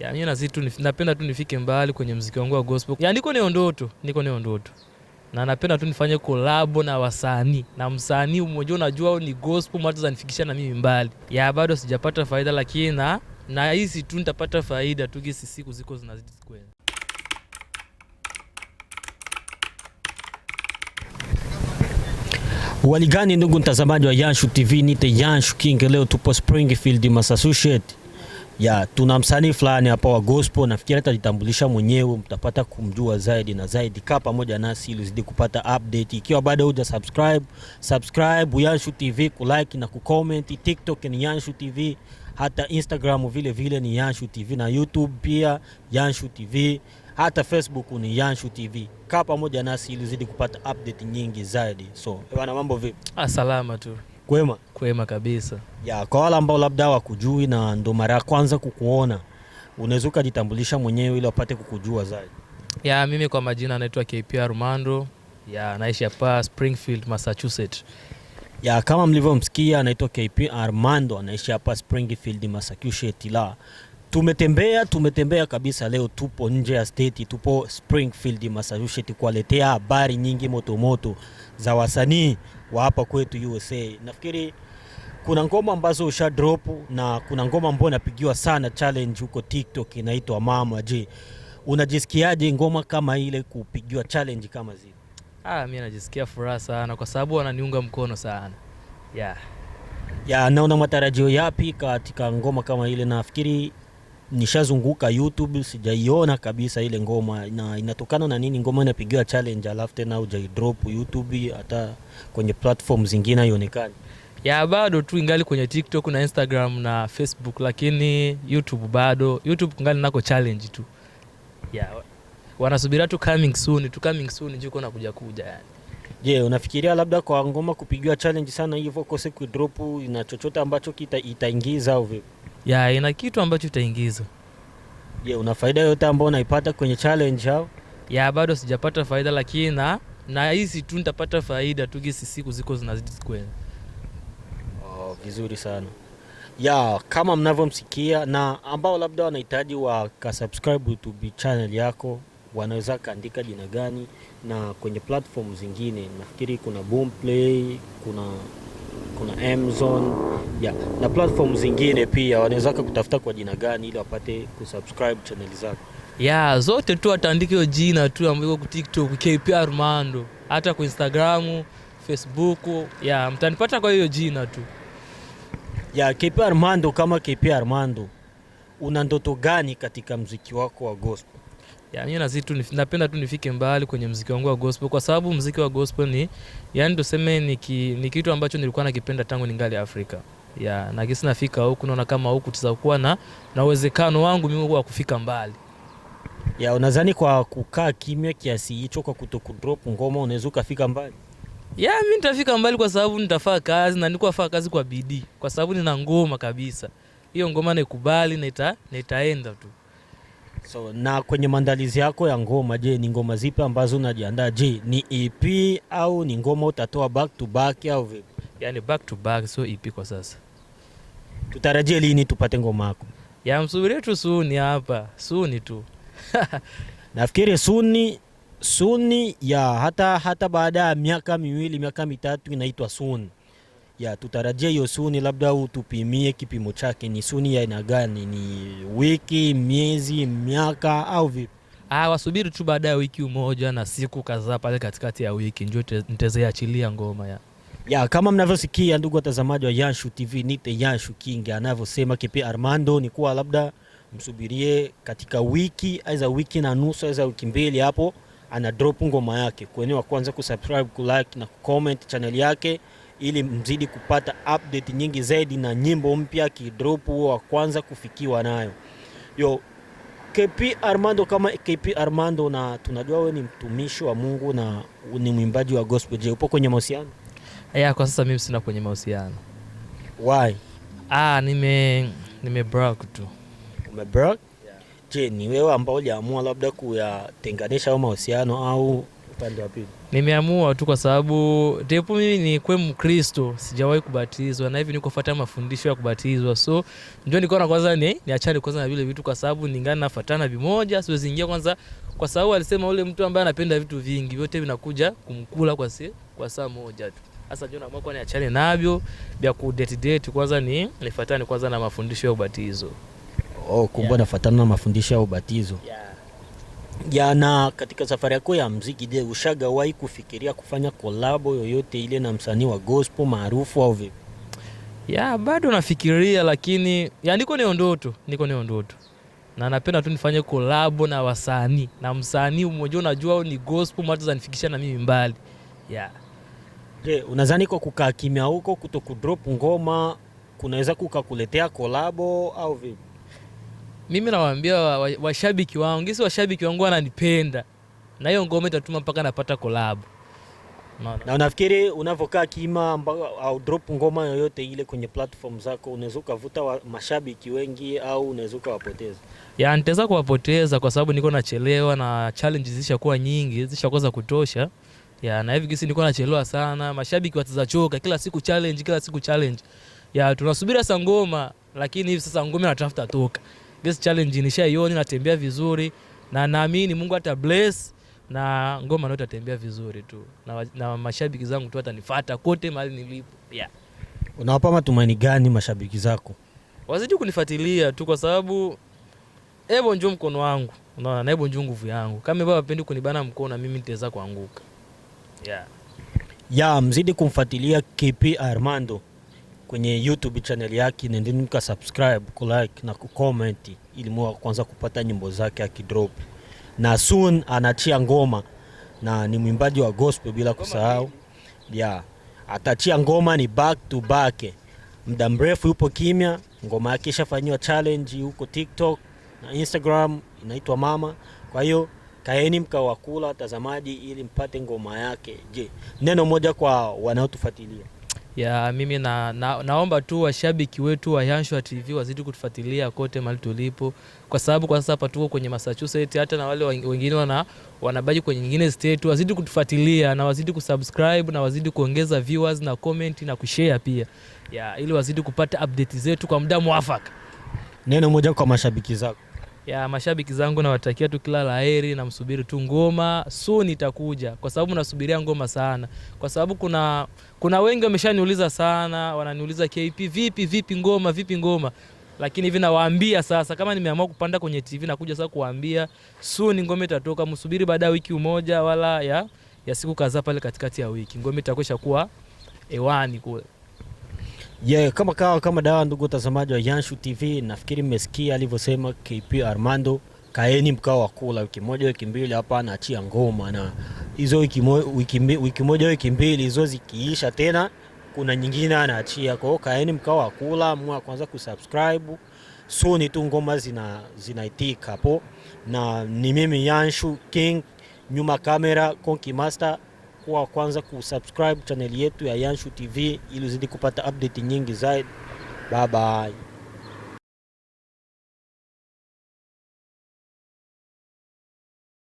ya mimi nazi tu napenda tu nifike mbali kwenye muziki wangu wa gospel. Ya niko ni ndoto, niko ni ndoto. Na napenda tu nifanye kolabo na wasanii na msanii mmoja unajua ni gospel mtu zanifikisha na mimi mbali. Ya bado sijapata faida lakini na na hizi tu nitapata faida tu gisi siku ziko zinazidi kwenda. Waligani ndugu mtazamaji wa Yanshu TV, nite Yanshu King, leo tupo Springfield Massachusetts ya tuna msanii fulani hapa wa gospel, nafikiri atajitambulisha mwenyewe, mtapata kumjua zaidi na zaidi. Kaa pamoja nasi ili uzidi kupata update. Ikiwa bado huja subscribe, subscribe Yanshu TV, like na comment. TikTok ni Yanshu TV, hata Instagram vile vile ni Yanshu TV na YouTube pia Yanshu TV, hata Facebook ni Yanshu TV. Kaa pamoja nasi ili uzidi kupata update nyingi zaidi. So bwana, mambo vipi? Asalama ah, tu. Kwema? Kwema kabisa. Ya, kwa wale ambao labda wakujui na ndo mara ya kwanza kukuona, unaweza ukajitambulisha mwenyewe ili wapate kukujua zaidi. Ya, mimi kwa majina naitwa kp Rumando, ya naishi hapa Springfield, Massachusetts. Ya, kama mlivyomsikia anaitwa kp armando anaishi hapa Springfield, Massachusetts la Tumetembea, tumetembea kabisa. Leo tupo nje ya state, tupo Springfield, Massachusetts kuwaletea habari nyingi motomoto moto za wasanii wa hapa kwetu USA. Nafikiri kuna ngoma ambazo usha drop na kuna ngoma ambayo inapigiwa sana challenge huko TikTok inaitwa Mama. Je, unajisikiaje ngoma kama ile kupigiwa challenge kama zile? Ah, mimi najisikia furaha sana kwa sababu wananiunga mkono sana. Yeah. Ya, na matarajio yapi katika ngoma kama ile? Nafikiri nishazunguka YouTube sijaiona kabisa ile ngoma na inatokana na nini? Ngoma inapigiwa challenge alafu tena hujaidrop YouTube hata kwenye platform zingine haionekani ya bado tu ingali kwenye TikTok na Instagram na Facebook, lakini YouTube bado, YouTube ngali nako challenge tu ya wanasubiria tu coming soon, tu coming soon juko na kuja kuja yani. Je, unafikiria labda kwa ngoma kupigiwa challenge sana hivyo kose kuidropu na chochote ambacho itaingiza au vipi? ya ina kitu ambacho itaingiza Je, una faida yote ambayo unaipata kwenye challenge au? Ya bado sijapata faida, lakini na na hizi tu nitapata faida tu kisi siku ziko zinazidi kwenda. Oh, vizuri sana ya kama mnavyomsikia na ambao labda wanahitaji wakasubscribe YouTube channel yako wanaweza kaandika jina gani? Na kwenye platform zingine nafikiri kuna Boomplay, kuna kuna Amazon yeah. Na platform zingine pia wanaweza kutafuta kwa jina gani ili wapate kusubscribe channel zako? Yeah, zote tu ataandike hiyo jina tu ambayo kwa TikTok KPR Mando, hata kwa Instagram, Facebook, yeah, mtanipata kwa hiyo jina tu. ya Yeah, KPR Mando kama KPR Mando. Una ndoto gani katika mziki wako wa gospel? Ya, mimi nazi tu napenda tu nifike mbali kwenye mziki wangu wa gospel kwa sababu mziki wa gospel ni yani tuseme ni, ki, ni kitu ambacho nilikuwa nakipenda tangu ningali Afrika ya na kisi nafika huku, naona kama huku tutakuwa na na uwezekano wangu mimi wa kufika mbali. Ya unadhani kwa kukaa kimya kiasi hicho, kwa kutokudrop ngoma unaweza ukafika mbali? Ya mimi nitafika mbali kwa sababu nitafaa kazi na afaa kazi kwa bidii, kwa sababu nina ngoma kabisa. Hiyo ngoma naikubali na ita, na itaenda tu. So, na kwenye maandalizi yako ya ngoma, je, ni ngoma zipi ambazo unajiandaa? Je, ni EP au ni ngoma utatoa back to back au vipi? yani back to back, so ipi kwa sasa. Tutarajie lini tupate ngoma yako? Ya msubiri tu suni hapa suni tu nafikiri suni suni ya hata, hata baada ya miaka miwili miaka mitatu inaitwa suni ya tutarajia hiyo suni, labda utupimie kipimo chake, ni suni ya aina gani? Ni wiki, miezi, miaka au vipi? Ah, wasubiri tu, baada ya wiki umoja na siku kadhaa pale katikati ya wiki ndio nitezeachilia ngoma ya ya, kama mnavyosikia ndugu watazamaji wa Yanshu TV, nite Yanshu King anavyosema kipi Armando ni kuwa labda msubirie katika wiki aidha wiki na nusu aidha wiki mbili, hapo ana drop ngoma yake kwenye wa kwanza kusubscribe, kulike na kucomment channel yake ili mzidi kupata update nyingi zaidi na nyimbo mpya ki drop huo wa kwanza kufikiwa nayo. Yo, KP Armando kama KP Armando, na tunajua wewe ni mtumishi wa Mungu na ni mwimbaji wa gospel. Je, upo kwenye mahusiano? Yeah, kwa sasa mimi sina kwenye mahusiano. Why? Ah, nime nime broke tu. Ume broke? Yeah. Je, ni wewe ambao uliamua labda kuyatenganisha au mahusiano au upande wa pili? Nimeamua tu kwa sababu ndipo mimi ni kwe Mkristo, sijawahi kubatizwa na hivi niko fuata mafundisho ya kubatizwa. So njoo nikaona kwanza ni niachane kwanza na vile vitu kwa sababu ningana nafuatana vimoja, siwezi ingia kwanza kwa sababu alisema ule mtu ambaye anapenda vitu vingi vyote vinakuja kumkula kwa si, kwa saa moja tu. Sasa John amekuwa ni achane navyo vya ku date date, kwanza ni nifuatane kwanza na mafundisho ya ubatizo. Oh, kumbe yeah. Nafuatana na mafundisho ya ubatizo yeah. Ya, na katika safari yako ya mziki, je, ushagawahi kufikiria kufanya kolabo yoyote ile na msanii wa gospel maarufu au vipi? Ya, bado nafikiria, lakini ya niko ni ondoto, niko ni ondoto. na napenda tu nifanye kolabo na wasanii na msanii mmoja, unajua ni gospel, mtu zanifikisha na mimi mbali ya Yeah. Je, unadhani kwa kukaa kimya huko kuto kudrop ngoma kunaweza kukakuletea kolabo au vipi? Mimi nawaambia washabiki wa, wangu ngisi washabiki wangu wananipenda na hiyo ngoma itatuma mpaka napata kolabo. No, no. Na unafikiri unavokaa kima au drop ngoma yoyote ile kwenye platform zako unaweza ukavuta mashabiki wengi au unaweza ukawapoteza? Ya, nitaweza kuwapoteza kwa sababu niko nachelewa na challenges zishakuwa nyingi, zishakuwa za kutosha ya na hivi kisi nilikuwa nachelewa sana, mashabiki watazachoka, kila siku challenge, kila siku challenge ya tunasubiri sasa ngoma, lakini hivi sasa ngoma inatafuta toka This challenge nishaiona, natembea vizuri na naamini Mungu ata bless na ngoma nayo itatembea vizuri tu na, na mashabiki zangu tu watanifuata kote mahali nilipo yeah. Unawapa matumaini gani mashabiki zako? Wazidi kunifuatilia tu kwa sababu hebu njoo mkono wangu, unaona, na hebu njoo nguvu yangu, kama baba apendi kunibana mkono, na mimi nitaweza kuanguka yeah. Ya mzidi kumfuatilia KP Armando kwenye YouTube channel yake, nendeni mka subscribe, like na comment, ili mwa kwanza kupata nyimbo zake akidrop, na soon anachia ngoma na ni mwimbaji wa gospel bila kusahau yeah. Atachia ngoma ni back to back, muda mrefu yupo kimya. Ngoma yake ishafanyiwa challenge huko TikTok na Instagram, inaitwa Mama. Kwa hiyo kaeni mkawakula tazamaji, ili mpate ngoma yake. Je, neno moja kwa wanaotufuatilia? Ya, mimi na, na, naomba tu washabiki wetu wa Yanshuwa TV wazidi kutufuatilia kote mahali tulipo, kwa sababu kwa sasa hapa tuko kwenye Massachusetts, hata na wale wengine wana wanabaki kwenye nyingine state, wazidi kutufuatilia na wazidi kusubscribe na wazidi kuongeza viewers na comment na kushare pia, ya, ili wazidi kupata update zetu kwa muda mwafaka. Neno moja kwa mashabiki zako ya mashabiki zangu nawatakia tu kila la heri, namsubiri tu ngoma soon itakuja, kwa sababu nasubiria ngoma sana, kwa sababu kuna kuna wengi wameshaniuliza sana, wananiuliza KP, vipi vipi ngoma, vipi ngoma lakini hivi nawaambia sasa, kama nimeamua kupanda kwenye TV nakuja sasa kuwaambia soon ngoma itatoka, msubiri baada ya wiki umoja wala ya, ya siku kadhaa pale katikati ya wiki ngoma itakwisha kuwa ewani kule. Yeah, kama kawa kama dawa, ndugu watazamaji wa Yanshu TV, nafikiri mmesikia alivyosema KP Armando, kaeni mkao wa kula wiki moja wiki mbili hapa, anaachia ngoma na hizo wiki, wiki, wiki moja wiki mbili hizo zikiisha, tena kuna nyingine anaachia. Kwa hiyo kaeni mkao wa kula, mwa kwanza kusubscribe suni tu ngoma zina zinaitika hapo, na ni mimi Yanshu King, nyuma kamera Konki Master kuwa kwanza kusubscribe channel yetu ya Yanshu TV ili uzidi kupata update nyingi zaidi. Bye bye.